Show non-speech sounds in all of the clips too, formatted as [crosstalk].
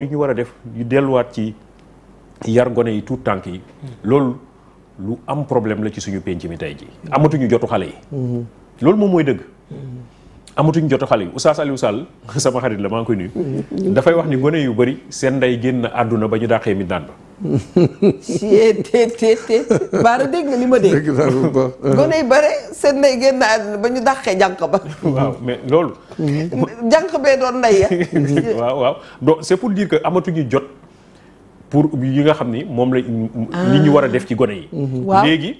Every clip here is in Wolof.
yi ñu war a def ñu delluwaat ci yar gone yi tuut tànk yi loolu lu am problème la ci suñu penc mi tey ji amatuñu jotu xale yi loolu moom mooy dëgg amatuñu jotu xale yi Oustaz Aliou Sall [laughs] sama xarit la maa ngi koy nuyu mm-hmm. dafay wax ni gone yu bari seen ndey génn àdduna ba ñu dàqee mi daan ba siet teet teet dégg nga li ma dégg [laughs] gone yi bare seen ndey génn àddina ba ñu dàqee jànq ba waaw mais loolu [laughs] jànq bee doon ndey ya [laughs] waaw waaw donc c'est pour dire que amatuñu jot pour yi nga xam ni moom la ah. li ñu war a def ci gone yi mhm. léegi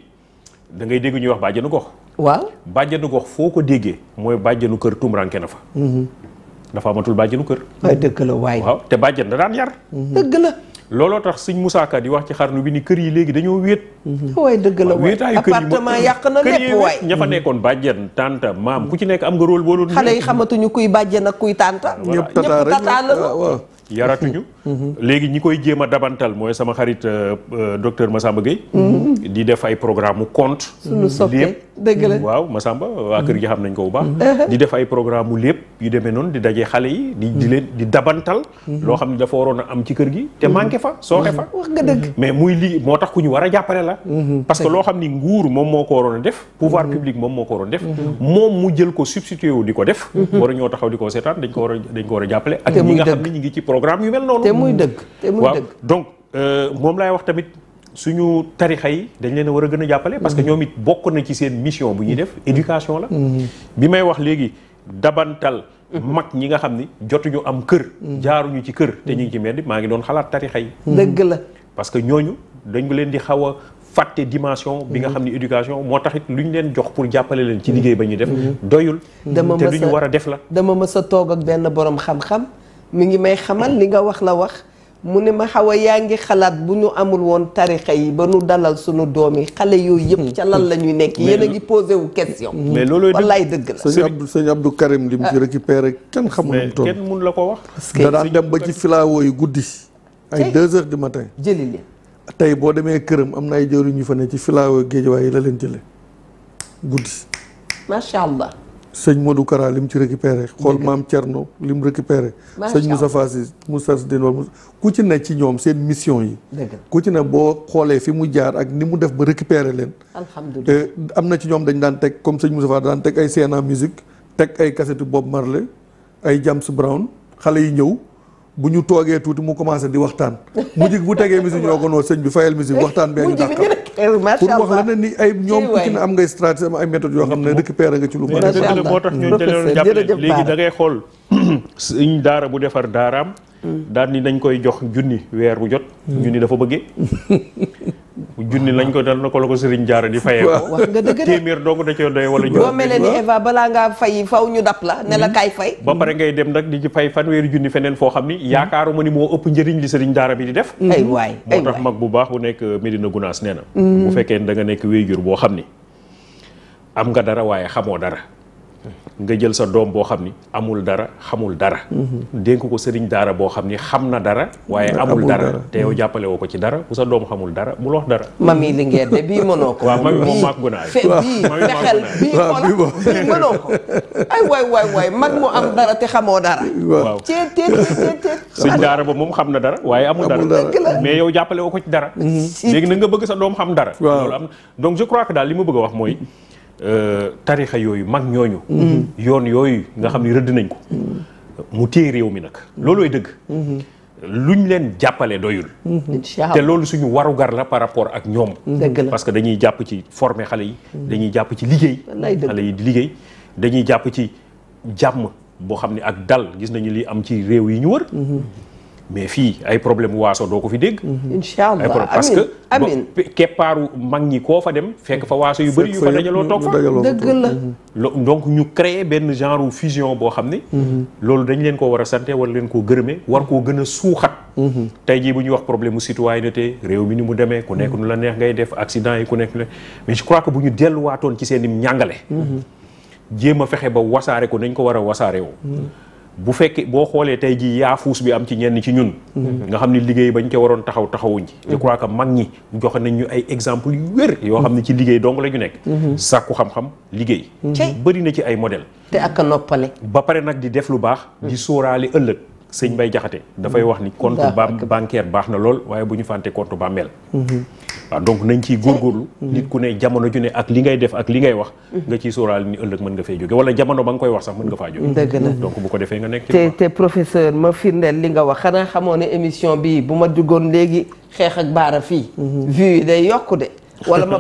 da ngay dégg ñuy wax bàjjanu gox waaw bàjjanu gox foo ko déggee mooy bàjjanu kër tumranke na fa mhm. dafa amatul bàjjanu kër waaw dëgg la waay waaw te bàjjan da daan yar looloo tax sëñ Moussa yi wax ci xar nu bi ni kër yi léegi dañoo wéet. waay dëgg la waay appartement yàq na lépp waay ña fa nekkoon bàjjen tanta maam ku ci nekk am nga rool boo doon. xale yi xamatuñu kuy bàjjen ak kuy tanta. ñëpp tata rek ñëpp tata la. yaratuñu. léegi ñi koy jéem a dabantal mooy sama xarit euh, euh, docteur Massamba Gueye. di def ay programme mu compte. suñu soppeeku dëgg la waaw Massamba waa kër gi xam nañ ko bu baax. di def ay programme mu lépp yu demee noonu di daje xale yi. di di leen di dabantal. loo xam ne dafa waroon a am ci kër gi. te manqué fa sooxe fa. wax nga dëgg mais muy lii moo tax ku ñu war a jàppale la. parce que loo xam ni nguur moom moo ko waroon a def. pouvoir public moom moo ko waroon def. moom mu jël ko substitué wu di ko ko seetaan dañ ko war a ko war a jàppale. programme yu mel noonu. te muy dëgg te muy dëgg donc euh, moom laay wax tamit suñu tarixa yi dañ leen war a gën a jàppale. parce que mm-hmm. ñoom it bokk na ci seen mission bu ñuy def mm-hmm. éducation la. Mm-hmm. bi may wax léegi dabantal. mag ñi nga xam ni jotuñu am kër. jaaruñu ci kër te ñu ngi ci mbedd maa ngi doon xalaat tarixa yi. dëgg la parce que ñooñu dañu leen di xaw a fàtte dimension bi nga xam ne éducation moo taxit lu ñu leen jox pour jàppale leen. ci liggéey ba ñuy def doyul. dama mës te lu ñu war a def la. dama mës a toog ak benn borom xam mi ngi may xamal li nga wax la wax mu ne ma xaw a yaa ngi xalaat bu ñu amul woon tarixa yi ba nu dalal suñu doom yi xale yooyu yëpp ca lan la ñuy nekk yéen a ngi posé wu question mm-hmm. mais loolu wallaay dëgg la sëñ Abdou sëñ Abdou Karim li mu ci ah. récupéré kenn xamul mu toll kenn mun la ko wax parce que dem ba ci filawoo yu guddi ay deux heures du matin jëli tey boo demee këram am na ay jëriñ ñu fa ne ci filawoo géej waaye la leen jële guddi allah sëñ Modou Kara lim ci récupéré xool maam Thierno lim récupéré sëñ Moussa Fassi Moussa Sidine wala ku ci ne ci ñoom seen mission yi ku ci ne boo xoolee fi mu jaar ak ni mu def ba récupéré leen alhamdulilah am na ci ñoom dañ daan teg comme sëñ Moussa Fassi daan teg ay CNA musique teg ay kasetu Bob Marley ay James Brown xale yi ñëw bu ñu toogee tuuti mu commencé di waxtaan [laughs] mujj bu tegee musique ñoo ko noo sëñ bi fayal musique waxtaan bee ñu dàqal pour wax la na ni ay ñoom ku am ngay stratégie am ay méthodes yoo xam ne récupéré nga ci lu bari moo tax ñu jëloon jàppale léegi da ngay xool [clears throat] suñ daara bu defar daaraam mm. daal dañ koy jox junni weer bu jot mm. junni dafa bëgge [laughs] junni lañ ko dal na ko la ko sëriñ jaara di fayee ko wax nga dëgg de téeméer dong da cee doy wala juróom boo melee Eva balaa ngaa fay faw ñu dab la ne la hmm. kaay fay ba pare ngay dem nag di ci fan weeri junni feneen foo xam ni hmm. yaakaaruma ni moo ëpp njëriñ li sëriñ jaara bi di def hmm. ay waay moo tax mag bu baax bu nekk Medina Gunaas nee na bu fekkee da nga nekk wéyjur boo xam ni am nga dara waaye xamoo dara nga jël sa doom boo xam ni amul dara xamul dara mhm. dénk ko sëriñ daara boo xam ni xam na dara waaye amul dara te yow jàppale woo ko ci dara sa doom xamul dara bu dara mami li ngeen de bii ko waaw mami moom ko ay waay waay waay mag mu am moom xam na dara waaye amul mais yow jàppale ko ci dara mhm. léegi na nga bëgg sa doom xam dara loolu am donc je crois daal li ma bëgg a wax mooy Euh, tarixa yooyu mag ñooñu. Mhm. yoon yooyu nga xam ni rëdd nañ ko. Mhm. mu téye réew mi nag loolooy dëgg. Mhm. lu ñu leen jàppale doyul. te loolu suñu warugar la par rapport ak ñoom. parce que dañuy jàpp ci former xale yi. dañuy jàpp ci liggéey. xale yi di liggéey dañuy jàpp ci jàmm boo xam ne ak dal gis nañu li am ci réew yi ñu wër. mais fii ay problème waaso doo ko fi dégg. Mhm. incha allah parce que ba keppaaru mag ñi koo fa dem. fekk fa waaso yu bëri yu fa dajaloo toog fa dëgg la. Mhm. donc ñu créer benn genre fusion boo xam ne. Mhm. loolu dañ leen ko war a sante war leen koo gërëme war koo gën a suuxat. tey jii bu ñuy wax problème mu citoyenneté réew mi ni mu demee ku nekk nu la neex ngay def accident yi ku nekk mais je crois que bu ñu delluwaatoon ci seeni i jéem a fexe ba wasaare ko dañ ko war a wasaare woo. bu fekkee boo xoolee tey jii yaafuus bi am ci ñenn ci ñun. Mhm. nga xam ne liggéey bañ ca waroon taxaw taxawuñ ci. je mhm. crois que mag ñi joxe nañ ñu ay exemple yu wér. yoo xam ne ci liggéey dong la ñu nekk. Mhm. sàkku xam-xam liggéey. bëri na ci ay modèle te ak noppale. ba pare nag di def lu baax. di sóoraale ëllëg. sëñ Mbay Jaxate dafay wax ni compte bancaire baax na lool waaye bu ñu fàtte compte bàmmeel mhm. waaw donc nañ ciy góorgóorlu mhm. nit ku ne jamono ju ne ak li ngay def ak li ngay wax mhm. nga ciy sóoraal ni ëllëg mën nga fee jóge wala jamono ba nga koy wax sax mën nga faa jóge dëgg la donc bu ko defee nga nekk ci te te professeur ma firndeel li nga wax xanaa xamoo ne émission bii bu ma duggoon léegi xeex ak baara fii vue yi day yokku de wala ma